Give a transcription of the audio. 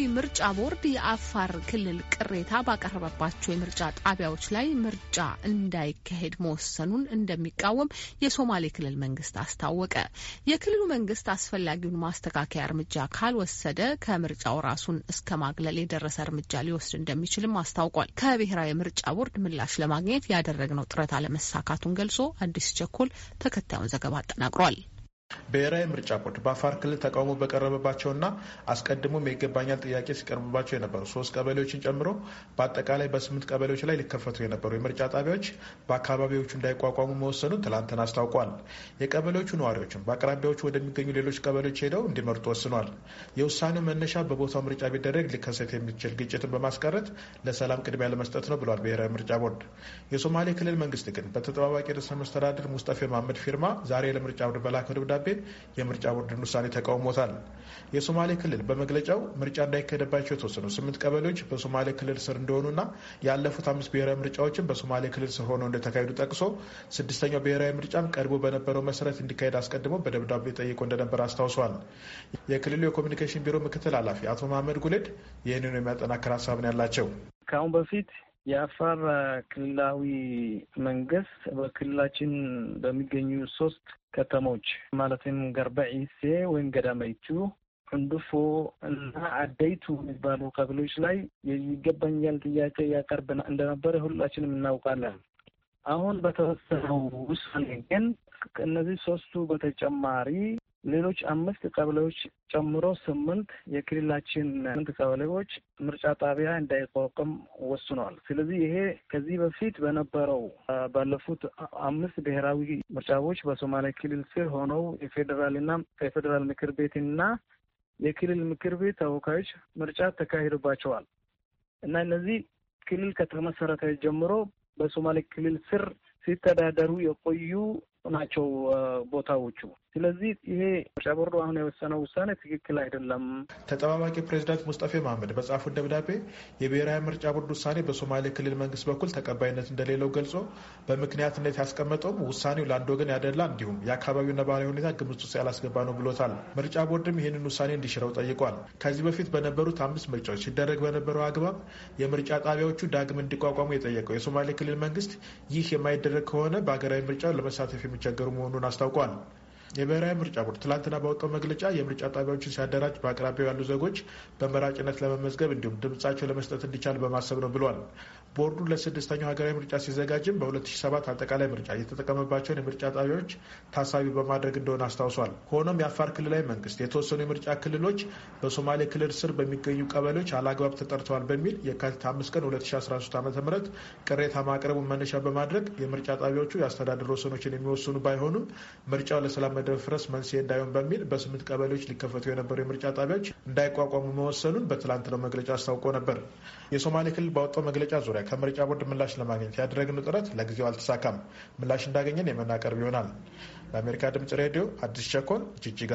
ብሔራዊ ምርጫ ቦርድ የአፋር ክልል ቅሬታ ባቀረበባቸው የምርጫ ጣቢያዎች ላይ ምርጫ እንዳይካሄድ መወሰኑን እንደሚቃወም የሶማሌ ክልል መንግስት አስታወቀ። የክልሉ መንግስት አስፈላጊውን ማስተካከያ እርምጃ ካልወሰደ ከምርጫው ራሱን እስከ ማግለል የደረሰ እርምጃ ሊወስድ እንደሚችልም አስታውቋል። ከብሔራዊ ምርጫ ቦርድ ምላሽ ለማግኘት ያደረግነው ጥረት አለመሳካቱን ገልጾ አዲስ ቸኮል ተከታዩን ዘገባ አጠናቅሯል። ብሔራዊ ምርጫ ቦርድ በአፋር ክልል ተቃውሞ በቀረበባቸውና አስቀድሞም የይገባኛል ጥያቄ ሲቀርብባቸው የነበሩ ሶስት ቀበሌዎችን ጨምሮ በአጠቃላይ በስምንት ቀበሌዎች ላይ ሊከፈቱ የነበሩ የምርጫ ጣቢያዎች በአካባቢዎቹ እንዳይቋቋሙ መወሰኑን ትላንትን አስታውቋል። የቀበሌዎቹ ነዋሪዎችም በአቅራቢያዎቹ ወደሚገኙ ሌሎች ቀበሌዎች ሄደው እንዲመርጡ ወስኗል። የውሳኔው መነሻ በቦታው ምርጫ ቢደረግ ሊከሰት የሚችል ግጭትን በማስቀረት ለሰላም ቅድሚያ ለመስጠት ነው ብሏል ብሔራዊ ምርጫ ቦርድ። የሶማሌ ክልል መንግስት ግን በተጠባባቂ ርዕሰ መስተዳድር ሙስጠፌ መሀመድ ፊርማ ዛሬ ለምርጫ ቦርድ በላከው ደብዳቤ ደብዳቤ የምርጫ ቦርድን ውሳኔ ተቃውሞታል። የሶማሌ ክልል በመግለጫው ምርጫ እንዳይካሄድባቸው የተወሰኑ ስምንት ቀበሌዎች በሶማሌ ክልል ስር እንደሆኑና ያለፉት አምስት ብሔራዊ ምርጫዎችን በሶማሌ ክልል ስር ሆነው እንደተካሄዱ ጠቅሶ ስድስተኛው ብሔራዊ ምርጫም ቀድሞ በነበረው መሰረት እንዲካሄድ አስቀድሞ በደብዳቤ ጠይቆ እንደነበር አስታውሷል። የክልሉ የኮሚኒኬሽን ቢሮ ምክትል ኃላፊ አቶ መሀመድ ጉሌድ ይህንኑ የሚያጠናክር ሀሳብን ያላቸው ከአሁን በፊት የአፋር ክልላዊ መንግስት በክልላችን በሚገኙ ሶስት ከተሞች ማለትም ገርበዒሴ ወይም ገዳመይቱ፣ እንዱፎ እና አደይቱ የሚባሉ ከብሎች ላይ ይገባኛል ጥያቄ ያቀርብ እንደነበረ ሁላችንም እናውቃለን። አሁን በተወሰነው ውሳኔ ግን እነዚህ ሶስቱ በተጨማሪ ሌሎች አምስት ቀበሌዎች ጨምሮ ስምንት የክልላችን ስምንት ቀበሌዎች ምርጫ ጣቢያ እንዳይቋቋም ወስኗል። ስለዚህ ይሄ ከዚህ በፊት በነበረው ባለፉት አምስት ብሔራዊ ምርጫዎች በሶማሌ ክልል ስር ሆነው የፌዴራልና የፌዴራል ምክር ቤትና የክልል ምክር ቤት ተወካዮች ምርጫ ተካሂዶባቸዋል እና እነዚህ ክልል ከተመሰረተ ጀምሮ በሶማሌ ክልል ስር ሲተዳደሩ የቆዩ ናቸው ቦታዎቹ። ስለዚህ ይሄ ምርጫ ቦርዱ አሁን የወሰነው ውሳኔ ትክክል አይደለም። ተጠባባቂ ፕሬዚዳንት ሙስጠፌ መሀመድ በጻፉት ደብዳቤ የብሔራዊ ምርጫ ቦርድ ውሳኔ በሶማሌ ክልል መንግስት በኩል ተቀባይነት እንደሌለው ገልጾ በምክንያትነት ያስቀመጠውም ውሳኔው ለአንድ ወገን ያደላ እንዲሁም የአካባቢው ነባራዊ ሁኔታ ግምት ውስጥ ያላስገባ ነው ብሎታል። ምርጫ ቦርድም ይህንን ውሳኔ እንዲሽረው ጠይቋል። ከዚህ በፊት በነበሩት አምስት ምርጫዎች ሲደረግ በነበረው አግባብ የምርጫ ጣቢያዎቹ ዳግም እንዲቋቋሙ የጠየቀው የሶማሌ ክልል መንግስት ይህ የማይደረግ ከሆነ በሀገራዊ ምርጫ ለመሳተፍ የሚቸገሩ መሆኑን አስታውቋል። የብሔራዊ ምርጫ ቦርድ ትላንትና ባወጣው መግለጫ የምርጫ ጣቢያዎችን ሲያደራጅ በአቅራቢያው ያሉ ዜጎች በመራጭነት ለመመዝገብ እንዲሁም ድምጻቸው ለመስጠት እንዲቻል በማሰብ ነው ብሏል። ቦርዱ ለስድስተኛው ሀገራዊ ምርጫ ሲዘጋጅም በ2007 አጠቃላይ ምርጫ የተጠቀመባቸውን የምርጫ ጣቢያዎች ታሳቢ በማድረግ እንደሆነ አስታውሷል። ሆኖም የአፋር ክልላዊ መንግስት የተወሰኑ የምርጫ ክልሎች በሶማሌ ክልል ስር በሚገኙ ቀበሌዎች አላግባብ ተጠርተዋል በሚል የካቲት 5 ቀን 2013 ዓ ም ቅሬታ ማቅረቡን መነሻ በማድረግ የምርጫ ጣቢያዎቹ የአስተዳደር ወሰኖችን የሚወስኑ ባይሆኑም ምርጫው ለሰላም መደፍረስ መንስኤ እንዳይሆን በሚል በስምንት ቀበሌዎች ሊከፈቱ የነበሩ የምርጫ ጣቢያዎች እንዳይቋቋሙ መወሰኑን በትላንትናው መግለጫ አስታውቆ ነበር። የሶማሌ ክልል ባወጣው መግለጫ ዙሪያ ከምርጫ ቦርድ ምላሽ ለማግኘት ያደረግነው ጥረት ለጊዜው አልተሳካም። ምላሽ እንዳገኘን የመናቀርብ ይሆናል። ለአሜሪካ ድምጽ ሬዲዮ አዲስ ቸኮል ጅጅጋ